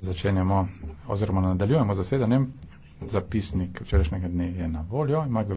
začenjamo oziroma nadaljujemo zasedanjem zapisnik včerajšnjega dne je na voljo